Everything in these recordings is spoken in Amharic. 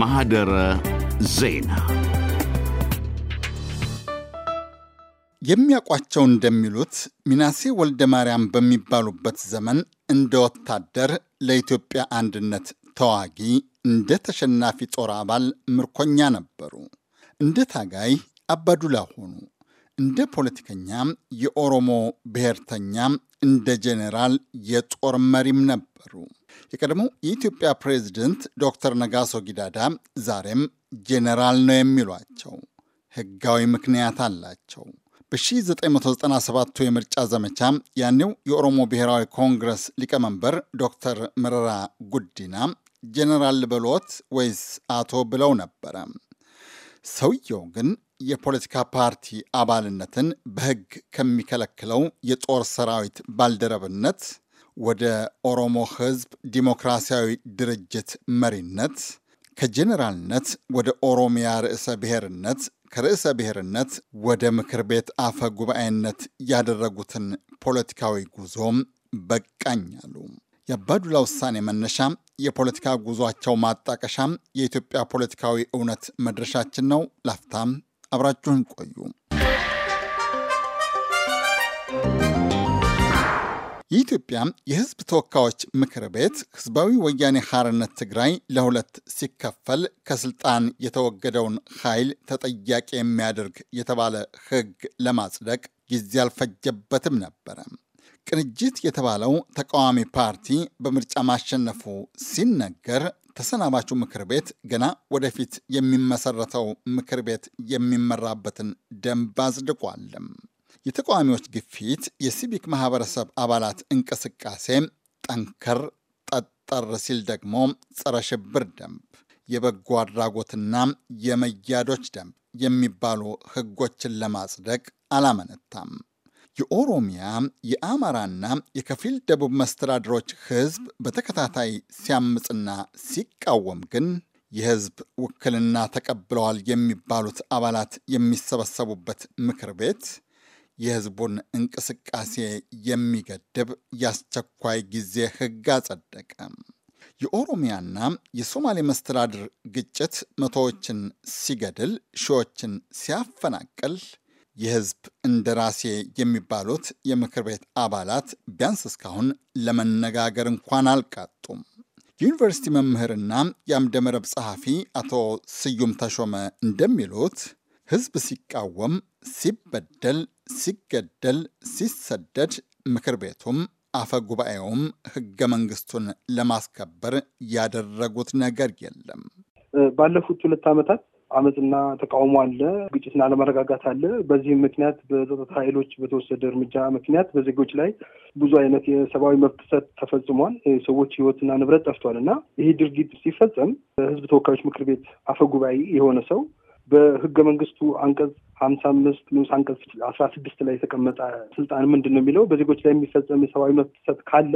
ማህደረ ዜና የሚያውቋቸው እንደሚሉት ሚናሴ ወልደ ማርያም በሚባሉበት ዘመን እንደ ወታደር ለኢትዮጵያ አንድነት ተዋጊ፣ እንደ ተሸናፊ ጦር አባል ምርኮኛ ነበሩ። እንደ ታጋይ አባዱላ ሆኑ። እንደ ፖለቲከኛ የኦሮሞ ብሔርተኛ፣ እንደ ጄኔራል የጦር መሪም ነበሩ። የቀድሞው የኢትዮጵያ ፕሬዝደንት ዶክተር ነጋሶ ጊዳዳ ዛሬም ጄኔራል ነው የሚሏቸው ህጋዊ ምክንያት አላቸው። በ1997ቱ የምርጫ ዘመቻ ያኔው የኦሮሞ ብሔራዊ ኮንግረስ ሊቀመንበር ዶክተር መረራ ጉዲና ጄኔራል በሎት ወይስ አቶ ብለው ነበረ። ሰውየው ግን የፖለቲካ ፓርቲ አባልነትን በሕግ ከሚከለክለው የጦር ሰራዊት ባልደረብነት ወደ ኦሮሞ ሕዝብ ዲሞክራሲያዊ ድርጅት መሪነት ከጄኔራልነት ወደ ኦሮሚያ ርዕሰ ብሔርነት ከርዕሰ ብሔርነት ወደ ምክር ቤት አፈ ጉባኤነት ያደረጉትን ፖለቲካዊ ጉዞም በቃኝ አሉ። የአባዱላ ውሳኔ መነሻ የፖለቲካ ጉዟቸው ማጣቀሻም የኢትዮጵያ ፖለቲካዊ እውነት መድረሻችን ነው። ላፍታም አብራችሁን ቆዩ። የኢትዮጵያ የሕዝብ ተወካዮች ምክር ቤት ሕዝባዊ ወያኔ ሐርነት ትግራይ ለሁለት ሲከፈል ከስልጣን የተወገደውን ኃይል ተጠያቂ የሚያደርግ የተባለ ሕግ ለማጽደቅ ጊዜ አልፈጀበትም ነበረ። ቅንጅት የተባለው ተቃዋሚ ፓርቲ በምርጫ ማሸነፉ ሲነገር ተሰናባቹ ምክር ቤት ገና ወደፊት የሚመሰረተው ምክር ቤት የሚመራበትን ደንብ አጽድቋል። የተቃዋሚዎች ግፊት፣ የሲቪክ ማህበረሰብ አባላት እንቅስቃሴ ጠንከር ጠጠር ሲል ደግሞ ጸረ ሽብር ደንብ፣ የበጎ አድራጎትና የመያዶች ደንብ የሚባሉ ህጎችን ለማጽደቅ አላመነታም። የኦሮሚያ የአማራና የከፊል ደቡብ መስተዳድሮች ህዝብ በተከታታይ ሲያምፅና ሲቃወም ግን የህዝብ ውክልና ተቀብለዋል የሚባሉት አባላት የሚሰበሰቡበት ምክር ቤት የህዝቡን እንቅስቃሴ የሚገድብ የአስቸኳይ ጊዜ ህግ አጸደቀ። የኦሮሚያና የሶማሌ መስተዳድር ግጭት መቶዎችን ሲገድል፣ ሺዎችን ሲያፈናቅል የህዝብ እንደራሴ የሚባሉት የምክር ቤት አባላት ቢያንስ እስካሁን ለመነጋገር እንኳን አልቃጡም። የዩኒቨርሲቲ መምህርና የአምደመረብ ጸሐፊ አቶ ስዩም ተሾመ እንደሚሉት ህዝብ ሲቃወም፣ ሲበደል፣ ሲገደል፣ ሲሰደድ ምክር ቤቱም አፈ ጉባኤውም ህገ መንግስቱን ለማስከበር ያደረጉት ነገር የለም። ባለፉት ሁለት ዓመታት አመፅና ተቃውሞ አለ፣ ግጭትና አለመረጋጋት አለ። በዚህም ምክንያት በጸጥታ ኃይሎች በተወሰደ እርምጃ ምክንያት በዜጎች ላይ ብዙ አይነት የሰብአዊ መብት ጥሰት ተፈጽሟል። ሰዎች ህይወትና ንብረት ጠፍቷል እና ይህ ድርጊት ሲፈጸም ህዝብ ተወካዮች ምክር ቤት ጉባኤ የሆነ ሰው በህገ መንግስቱ አንቀጽ ሀምሳ አምስት ንዑስ አንቀጽ አስራ ስድስት ላይ የተቀመጠ ስልጣን ምንድን ነው የሚለው በዜጎች ላይ የሚፈጸም የሰብአዊ መብት ጥሰት ካለ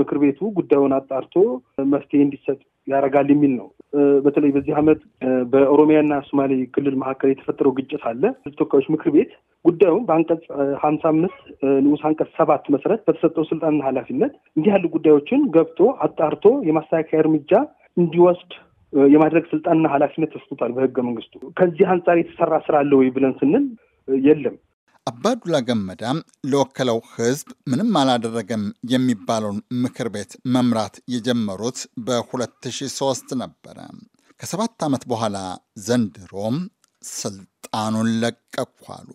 ምክር ቤቱ ጉዳዩን አጣርቶ መፍትሄ እንዲሰጥ ያደርጋል የሚል ነው። በተለይ በዚህ ዓመት በኦሮሚያና ሶማሌ ክልል መካከል የተፈጠረው ግጭት አለ። ህዝብ ተወካዮች ምክር ቤት ጉዳዩን በአንቀጽ ሀምሳ አምስት ንዑስ አንቀጽ ሰባት መሰረት በተሰጠው ስልጣንና ኃላፊነት እንዲህ ያሉ ጉዳዮችን ገብቶ አጣርቶ የማስተካከያ እርምጃ እንዲወስድ የማድረግ ስልጣንና ኃላፊነት ተሰጥቶታል በህገ መንግስቱ። ከዚህ አንጻር የተሰራ ስራ አለ ወይ ብለን ስንል የለም። አባዱላ ገመዳ ለወከለው ህዝብ ምንም አላደረገም የሚባለውን ምክር ቤት መምራት የጀመሩት በ2003 ነበረ። ከሰባት ዓመት በኋላ ዘንድሮም ስልጣኑን ለቀኳሉ።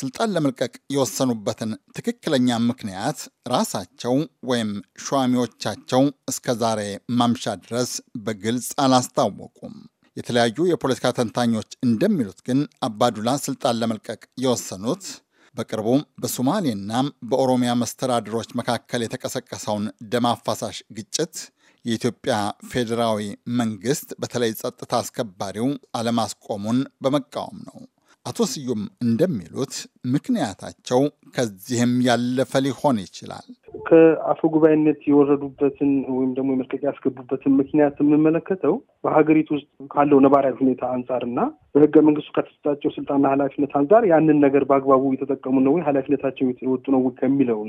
ስልጣን ለመልቀቅ የወሰኑበትን ትክክለኛ ምክንያት ራሳቸው ወይም ሿሚዎቻቸው እስከ ዛሬ ማምሻ ድረስ በግልጽ አላስታወቁም። የተለያዩ የፖለቲካ ተንታኞች እንደሚሉት ግን አባዱላ ስልጣን ለመልቀቅ የወሰኑት በቅርቡ በሶማሌና በኦሮሚያ መስተዳድሮች መካከል የተቀሰቀሰውን ደም አፋሳሽ ግጭት የኢትዮጵያ ፌዴራዊ መንግስት በተለይ ጸጥታ አስከባሪው አለማስቆሙን በመቃወም ነው። አቶ ስዩም እንደሚሉት ምክንያታቸው ከዚህም ያለፈ ሊሆን ይችላል። ከአፈ ጉባኤነት የወረዱበትን ወይም ደግሞ የመልቀቂያ ያስገቡበትን ምክንያት የምመለከተው በሀገሪቱ ውስጥ ካለው ነባራዊ ሁኔታ እና በህገ መንግስቱ ከተሰጣቸው ስልጣንና ኃላፊነት አንጻር ያንን ነገር በአግባቡ የተጠቀሙ ነው ወይ ኃላፊነታቸው የወጡ ነው ከሚለው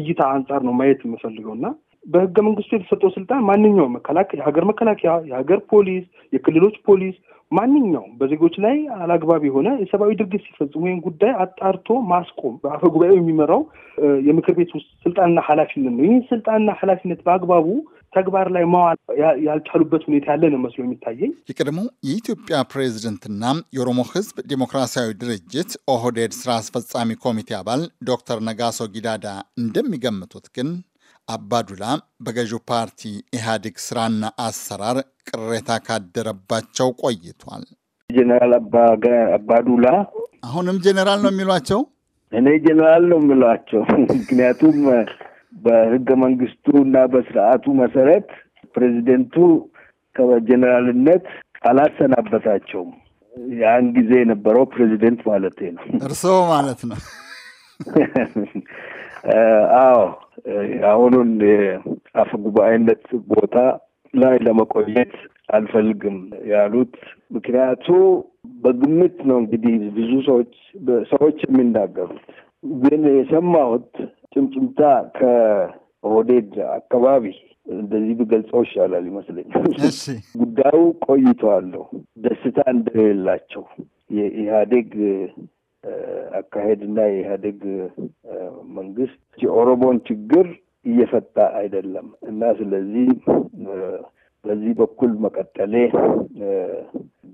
እይታ አንጻር ነው ማየት የምፈልገው እና በህገ መንግስቱ የተሰጠው ስልጣን ማንኛውም መከላከያ የሀገር መከላከያ፣ የሀገር ፖሊስ፣ የክልሎች ፖሊስ ማንኛውም በዜጎች ላይ አላግባብ የሆነ የሰብአዊ ድርጊት ሲፈጽሙ ወይም ጉዳይ አጣርቶ ማስቆም በአፈ ጉባኤው የሚመራው የምክር ቤት ውስጥ ስልጣንና ኃላፊነት ነው። ይህን ስልጣንና ኃላፊነት በአግባቡ ተግባር ላይ መዋል ያልቻሉበት ሁኔታ ያለ ነው መስሎ የሚታየኝ። የቀድሞው የኢትዮጵያ ፕሬዝደንትና የኦሮሞ ሕዝብ ዴሞክራሲያዊ ድርጅት ኦህዴድ ስራ አስፈጻሚ ኮሚቴ አባል ዶክተር ነጋሶ ጊዳዳ እንደሚገምቱት ግን አባዱላ በገዢው ፓርቲ ኢህአዴግ ስራና አሰራር ቅሬታ ካደረባቸው ቆይቷል። ጀኔራል አባዱላ አሁንም ጀኔራል ነው የሚሏቸው? እኔ ጀኔራል ነው የሚሏቸው። ምክንያቱም በህገ መንግስቱ እና በስርዓቱ መሰረት ፕሬዚደንቱ ከጀኔራልነት አላሰናበታቸውም። ያን ጊዜ የነበረው ፕሬዚደንት ማለት ነው፣ እርስዎ ማለት ነው። አዎ አሁኑን የአፈ ጉባኤነት ቦታ ላይ ለመቆየት አልፈልግም ያሉት ምክንያቱ በግምት ነው እንግዲህ ብዙ ሰዎች ሰዎች የሚናገሩት ግን የሰማሁት ጭምጭምታ ከኦህዴድ አካባቢ እንደዚህ ብገልጸው ይሻላል ይመስለኛል። ጉዳዩ ቆይተዋለሁ ደስታ እንደሌላቸው የኢህአዴግ አካሄድና የኢህአዴግ መንግስት የኦሮሞን ችግር እየፈታ አይደለም እና ስለዚህ በዚህ በኩል መቀጠሌ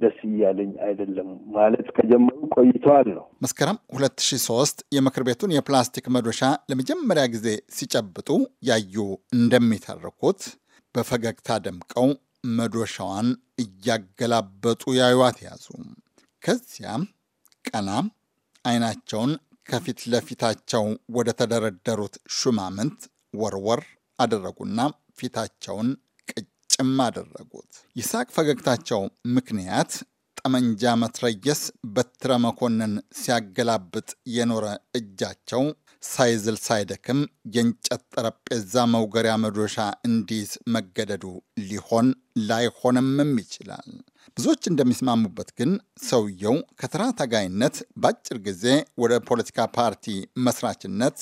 ደስ እያለኝ አይደለም ማለት ከጀመሩ ቆይተዋል ነው። መስከረም 2003 የምክር ቤቱን የፕላስቲክ መዶሻ ለመጀመሪያ ጊዜ ሲጨብጡ ያዩ እንደሚተርኩት በፈገግታ ደምቀው መዶሻዋን እያገላበጡ ያዩዋት ያዙ። ከዚያም ቀና አይናቸውን ከፊት ለፊታቸው ወደ ተደረደሩት ሹማምንት ወርወር አደረጉና ፊታቸውን ቅጭም አደረጉት። የሳቅ ፈገግታቸው ምክንያት ጠመንጃ መትረየስ በትረ መኮንን ሲያገላብጥ የኖረ እጃቸው ሳይዝል ሳይደክም የእንጨት ጠረጴዛ መውገሪያ መዶሻ እንዲይዝ መገደዱ ሊሆን ላይሆንምም ይችላል። ብዙዎች እንደሚስማሙበት ግን ሰውየው ከተራ ታጋይነት በአጭር ጊዜ ወደ ፖለቲካ ፓርቲ መስራችነት፣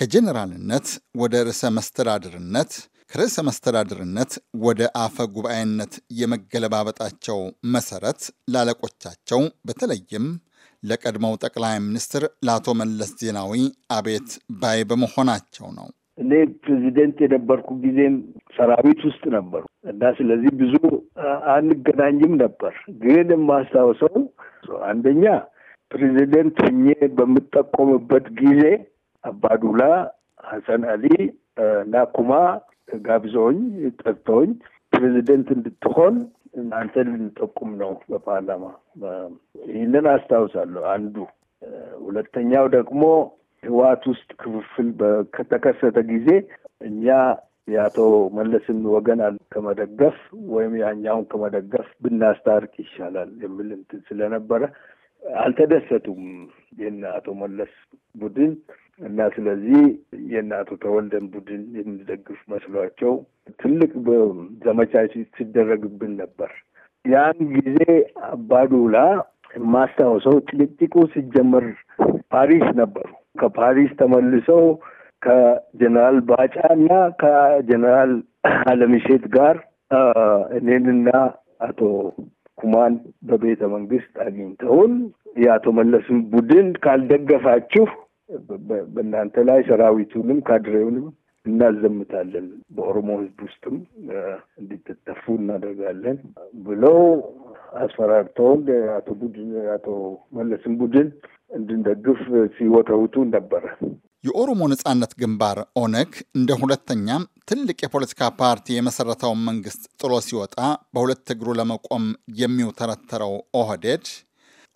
ከጄኔራልነት ወደ ርዕሰ መስተዳድርነት፣ ከርዕሰ መስተዳድርነት ወደ አፈ ጉባኤነት የመገለባበጣቸው መሰረት ላለቆቻቸው በተለይም ለቀድሞው ጠቅላይ ሚኒስትር ለአቶ መለስ ዜናዊ አቤት ባይ በመሆናቸው ነው። እኔ ፕሬዚደንት የነበርኩ ጊዜም ሰራዊት ውስጥ ነበሩ እና ስለዚህ ብዙ አንገናኝም ነበር። ግን የማስታውሰው አንደኛ ፕሬዚደንት ሆኜ በምጠቆምበት ጊዜ አባዱላ፣ ሀሰን አሊ እና ኩማ ጋብዘውኝ ጠርተውኝ ፕሬዚደንት እንድትሆን እናንተ ልንጠቁም ነው በፓርላማ ይህንን አስታውሳለሁ። አንዱ ሁለተኛው ደግሞ ህወሓት ውስጥ ክፍፍል ከተከሰተ ጊዜ እኛ የአቶ መለስን ወገን ከመደገፍ ወይም ያኛውን ከመደገፍ ብናስታርቅ ይሻላል የሚል እንትን ስለነበረ አልተደሰቱም የነ አቶ መለስ ቡድን እና ስለዚህ የነ አቶ ተወልደን ቡድን የሚደግፍ መስሏቸው ትልቅ ዘመቻ ሲደረግብን ነበር። ያን ጊዜ አባዱላ የማስታውሰው ጭቅጭቁ ሲጀመር ፓሪስ ነበሩ። ከፓሪስ ተመልሰው ከጀነራል ባጫ እና ከጀነራል አለምሼት ጋር እኔንና አቶ ኩማን በቤተ መንግስት አግኝተውን የአቶ መለስን ቡድን ካልደገፋችሁ በእናንተ ላይ ሰራዊቱንም ካድሬውንም እናዘምታለን፣ በኦሮሞ ህዝብ ውስጥም እንዲተተፉ እናደርጋለን ብለው አስፈራርተውን አቶ ቡድን አቶ መለስን ቡድን እንድንደግፍ ሲወተውቱ ነበረ። የኦሮሞ ነጻነት ግንባር ኦነግ እንደ ሁለተኛም ትልቅ የፖለቲካ ፓርቲ የመሰረተውን መንግስት ጥሎ ሲወጣ በሁለት እግሩ ለመቆም የሚውተረተረው ኦህዴድ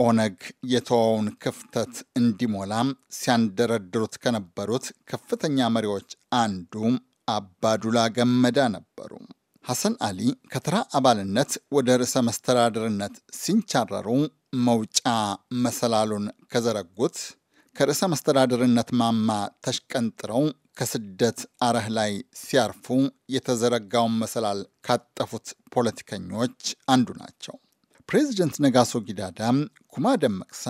ኦነግ የተወውን ክፍተት እንዲሞላም ሲያንደረድሩት ከነበሩት ከፍተኛ መሪዎች አንዱ አባዱላ ገመዳ ነበሩ። ሐሰን አሊ ከተራ አባልነት ወደ ርዕሰ መስተዳድርነት ሲንቻረሩ መውጫ መሰላሉን ከዘረጉት ከርዕሰ መስተዳድርነት ማማ ተሽቀንጥረው ከስደት አረህ ላይ ሲያርፉ የተዘረጋውን መሰላል ካጠፉት ፖለቲከኞች አንዱ ናቸው። ፕሬዚደንት ነጋሶ ጊዳዳ፣ ኩማ ደመቅሳ፣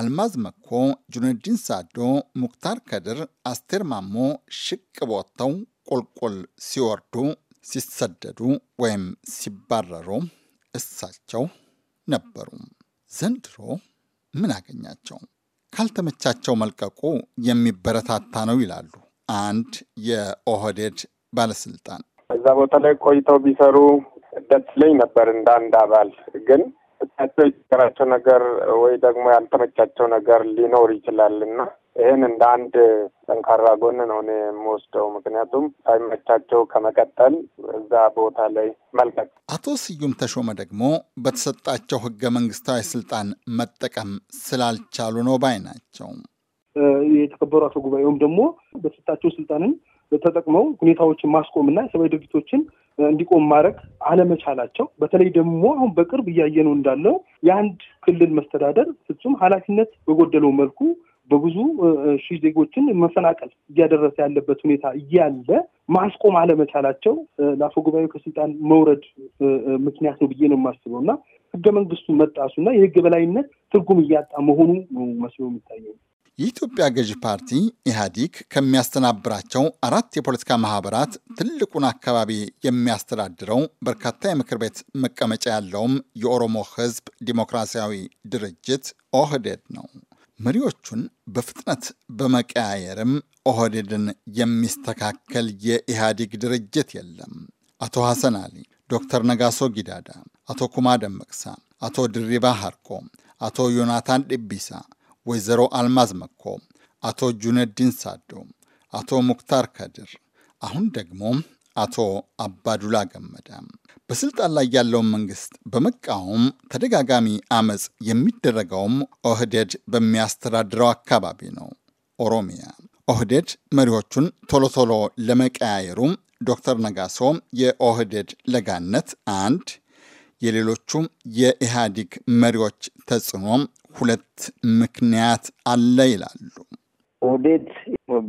አልማዝ መኮ፣ ጁነዲን ሳዶ፣ ሙክታር ከድር፣ አስቴር ማሞ ሽቅ ቦተው ቁልቁል ሲወርዱ ሲሰደዱ ወይም ሲባረሩ እሳቸው ነበሩ። ዘንድሮ ምን አገኛቸው? ካልተመቻቸው መልቀቁ የሚበረታታ ነው ይላሉ አንድ የኦህዴድ ባለስልጣን። እዛ ቦታ ላይ ቆይተው ቢሰሩ ደስ ይለኝ ነበር እንደ አንድ አባል ግን እሳቸው የቸገራቸው ነገር ወይ ደግሞ ያልተመቻቸው ነገር ሊኖር ይችላል እና ይህን እንደ አንድ ጠንካራ ጎን ነው እኔ የምወስደው። ምክንያቱም ሳይመቻቸው ከመቀጠል እዛ ቦታ ላይ መልቀቅ። አቶ ስዩም ተሾመ ደግሞ በተሰጣቸው ህገ መንግስታዊ ስልጣን መጠቀም ስላልቻሉ ነው ባይ ናቸው። የተከበሩ አቶ ጉባኤውም ደግሞ በተሰጣቸው ስልጣንን ተጠቅመው ሁኔታዎችን ማስቆምና የሰብአዊ ድርጊቶችን እንዲቆም ማድረግ አለመቻላቸው፣ በተለይ ደግሞ አሁን በቅርብ እያየነው እንዳለው የአንድ ክልል መስተዳደር ፍጹም ኃላፊነት በጎደለው መልኩ በብዙ ሺህ ዜጎችን መፈናቀል እያደረሰ ያለበት ሁኔታ እያለ ማስቆም አለመቻላቸው ለአፈ ጉባኤው ከስልጣን መውረድ ምክንያት ነው ብዬ ነው የማስበው እና ህገ መንግስቱ መጣሱና የህግ በላይነት ትርጉም እያጣ መሆኑ ነው መስሎ የሚታየው። የኢትዮጵያ ገዢ ፓርቲ ኢህአዲግ ከሚያስተናብራቸው አራት የፖለቲካ ማህበራት ትልቁን አካባቢ የሚያስተዳድረው በርካታ የምክር ቤት መቀመጫ ያለውም የኦሮሞ ህዝብ ዲሞክራሲያዊ ድርጅት ኦህዴድ ነው። መሪዎቹን በፍጥነት በመቀያየርም ኦህዴድን የሚስተካከል የኢህአዴግ ድርጅት የለም። አቶ ሐሰን አሊ፣ ዶክተር ነጋሶ ጊዳዳ፣ አቶ ኩማ ደመቅሳ፣ አቶ ድሪባ ሐርቆ፣ አቶ ዮናታን ዲቢሳ፣ ወይዘሮ አልማዝ መኮ፣ አቶ ጁነዲን ሳዶ፣ አቶ ሙክታር ከድር አሁን ደግሞ አቶ አባዱላ ገመዳ በስልጣን ላይ ያለውን መንግስት በመቃወም ተደጋጋሚ አመፅ የሚደረገውም ኦህዴድ በሚያስተዳድረው አካባቢ ነው። ኦሮሚያ ኦህዴድ መሪዎቹን ቶሎ ቶሎ ለመቀያየሩ ዶክተር ነጋሶ የኦህዴድ ለጋነት አንድ፣ የሌሎቹ የኢህአዲግ መሪዎች ተጽዕኖ ሁለት ምክንያት አለ ይላሉ። ኦህዴድ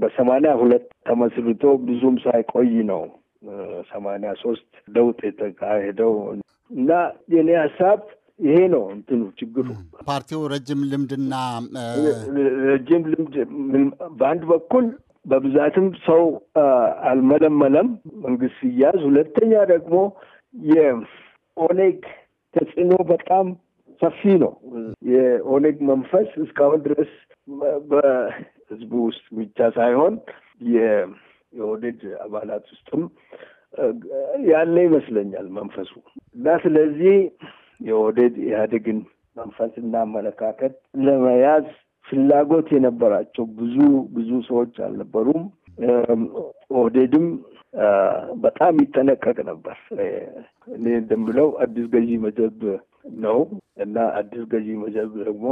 በሰማንያ ሁለት ተመስርቶ ብዙም ሳይቆይ ነው ሰማንያ ሶስት ለውጥ የተካሄደው እና የኔ ሀሳብ ይሄ ነው እንትኑ ችግሩ። ፓርቲው ረጅም ልምድና ረጅም ልምድ በአንድ በኩል በብዛትም ሰው አልመለመለም መንግስት ሲያዝ፣ ሁለተኛ ደግሞ የኦኔግ ተጽዕኖ በጣም ሰፊ ነው። የኦኔግ መንፈስ እስካሁን ድረስ በህዝቡ ውስጥ ብቻ ሳይሆን የኦህዴድ አባላት ውስጥም ያለ ይመስለኛል መንፈሱ እና ስለዚህ የኦህዴድ ኢህአዴግን መንፈስና አመለካከት ለመያዝ ፍላጎት የነበራቸው ብዙ ብዙ ሰዎች አልነበሩም። ኦህዴድም በጣም ይጠነቀቅ ነበር። እኔ እንደምለው አዲስ ገዢ መደብ ነው እና አዲስ ገዢ መደብ ደግሞ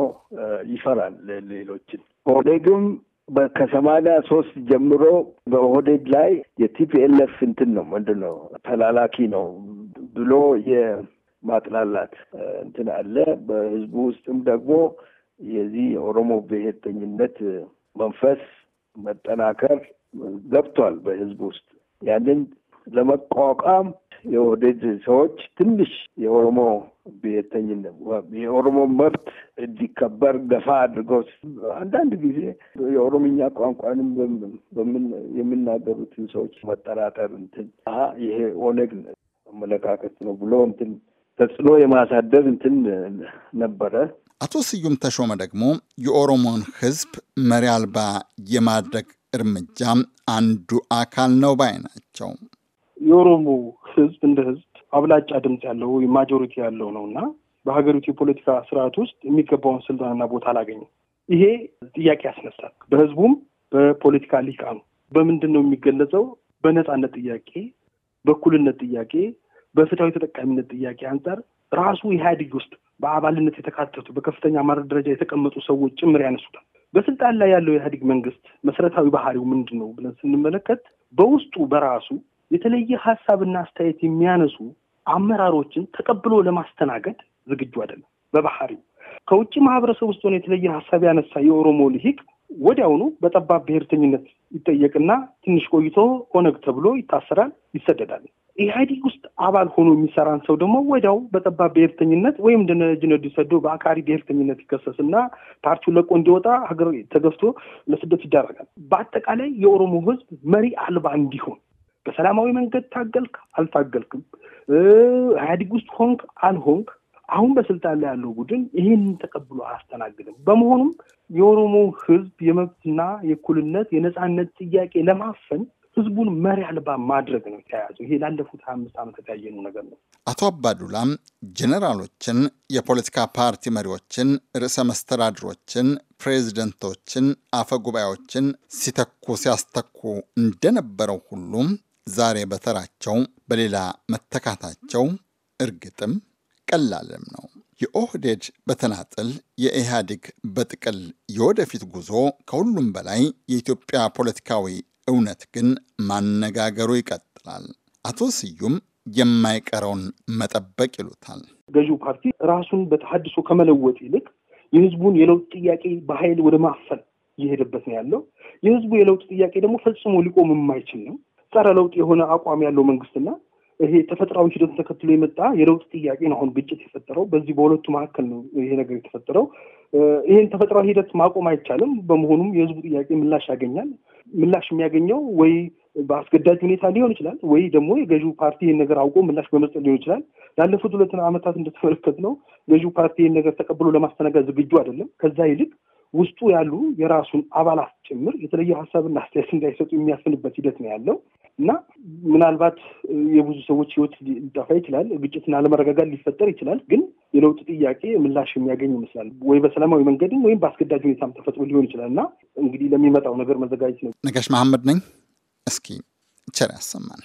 ይፈራል ሌሎችን ኦህዴግም ከሰማኒያ ሶስት ጀምሮ በኦህዴድ ላይ የቲፒኤልኤፍ እንትን ነው ምንድን ነው ተላላኪ ነው ብሎ የማጥላላት እንትን አለ። በህዝቡ ውስጥም ደግሞ የዚህ የኦሮሞ ብሔርተኝነት መንፈስ መጠናከር ገብቷል በህዝቡ ውስጥ ያንን ለመቋቋም የኦህዴድ ሰዎች ትንሽ የኦሮሞ ብሔርተኝነት የኦሮሞ መብት እንዲከበር ገፋ አድርገው አንዳንድ ጊዜ የኦሮምኛ ቋንቋንም የሚናገሩትን ሰዎች መጠራጠር እንትን ይሄ ኦነግ አመለካከት ነው ብሎ እንትን ተጽዕኖ የማሳደር እንትን ነበረ። አቶ ስዩም ተሾመ ደግሞ የኦሮሞን ሕዝብ መሪ አልባ የማድረግ እርምጃ አንዱ አካል ነው ባይ ናቸው። የኦሮሞ ህዝብ እንደ ህዝብ አብላጫ ድምፅ ያለው ማጆሪቲ ያለው ነው እና በሀገሪቱ የፖለቲካ ስርዓት ውስጥ የሚገባውን ስልጣንና ቦታ አላገኘም። ይሄ ጥያቄ ያስነሳል። በህዝቡም በፖለቲካ ሊቃኑ በምንድን ነው የሚገለጸው? በነፃነት ጥያቄ፣ በእኩልነት ጥያቄ፣ በፍትሃዊ ተጠቃሚነት ጥያቄ አንጻር ራሱ ኢህአዴግ ውስጥ በአባልነት የተካተቱ በከፍተኛ ማድረግ ደረጃ የተቀመጡ ሰዎች ጭምር ያነሱታል። በስልጣን ላይ ያለው የኢህአዴግ መንግስት መሰረታዊ ባህሪው ምንድን ነው ብለን ስንመለከት በውስጡ በራሱ የተለየ ሀሳብና አስተያየት የሚያነሱ አመራሮችን ተቀብሎ ለማስተናገድ ዝግጁ አይደለም። በባህሪው ከውጭ ማህበረሰብ ውስጥ ሆነ የተለየ ሀሳብ ያነሳ የኦሮሞ ልሂቅ ወዲያውኑ በጠባብ ብሔርተኝነት ይጠየቅና ትንሽ ቆይቶ ኦነግ ተብሎ ይታሰራል፣ ይሰደዳል። ኢህአዲግ ውስጥ አባል ሆኖ የሚሰራን ሰው ደግሞ ወዲያው በጠባብ ብሔርተኝነት ወይም ደነጅነት ሰዶ በአካሪ ብሔርተኝነት ይከሰስና ፓርቲው ለቆ እንዲወጣ ሀገር ተገፍቶ ለስደት ይዳረጋል። በአጠቃላይ የኦሮሞ ህዝብ መሪ አልባ እንዲሆን በሰላማዊ መንገድ ታገልክ አልታገልክም፣ ኢህአዲግ ውስጥ ሆንክ አልሆንክ፣ አሁን በስልጣን ላይ ያለው ቡድን ይህንን ተቀብሎ አያስተናግድም። በመሆኑም የኦሮሞ ህዝብ የመብትና የእኩልነት የነፃነት ጥያቄ ለማፈን ህዝቡን መሪ አልባ ማድረግ ነው የተያያዘው። ይሄ ላለፉት ሀያ አምስት ዓመት የተያየነው ነገር ነው። አቶ አባዱላም ጀኔራሎችን፣ የፖለቲካ ፓርቲ መሪዎችን፣ ርዕሰ መስተዳድሮችን፣ ፕሬዚደንቶችን፣ አፈ ጉባኤዎችን ሲተኩ ሲያስተኩ እንደነበረው ሁሉም ዛሬ በተራቸው በሌላ መተካታቸው እርግጥም ቀላልም ነው። የኦህዴድ በተናጥል የኢህአዴግ በጥቅል የወደፊት ጉዞ ከሁሉም በላይ የኢትዮጵያ ፖለቲካዊ እውነት ግን ማነጋገሩ ይቀጥላል። አቶ ስዩም የማይቀረውን መጠበቅ ይሉታል። ገዢው ፓርቲ ራሱን በተሀድሶ ከመለወጥ ይልቅ የህዝቡን የለውጥ ጥያቄ በኃይል ወደ ማፈን እየሄደበት ነው ያለው። የህዝቡ የለውጥ ጥያቄ ደግሞ ፈጽሞ ሊቆም የማይችል ነው። ጸረ ለውጥ የሆነ አቋም ያለው መንግስትና ይሄ ተፈጥሯዊ ሂደቱን ተከትሎ የመጣ የለውጥ ጥያቄ ነው አሁን ግጭት የፈጠረው። በዚህ በሁለቱ መካከል ነው ይሄ ነገር የተፈጠረው። ይህን ተፈጥሯዊ ሂደት ማቆም አይቻልም። በመሆኑም የህዝቡ ጥያቄ ምላሽ ያገኛል። ምላሽ የሚያገኘው ወይ በአስገዳጅ ሁኔታ ሊሆን ይችላል፣ ወይ ደግሞ የገዢው ፓርቲ ይህን ነገር አውቆ ምላሽ በመስጠት ሊሆን ይችላል። ላለፉት ሁለት ዓመታት እንደተመለከት ነው ገዢው ፓርቲ ይህን ነገር ተቀብሎ ለማስተናገድ ዝግጁ አይደለም። ከዛ ይልቅ ውስጡ ያሉ የራሱን አባላት ጭምር የተለየ ሀሳብና አስተያየት እንዳይሰጡ የሚያፍንበት ሂደት ነው ያለው እና ምናልባት የብዙ ሰዎች ህይወት ሊጠፋ ይችላል። ግጭትና አለመረጋጋት ሊፈጠር ይችላል። ግን የለውጥ ጥያቄ ምላሽ የሚያገኝ ይመስላል ወይ በሰላማዊ መንገድም ወይም በአስገዳጅ ሁኔታም ተፈጥሮ ሊሆን ይችላል እና እንግዲህ ለሚመጣው ነገር መዘጋጀት ነው። ነጋሽ መሐመድ ነኝ። እስኪ ቸር ያሰማን።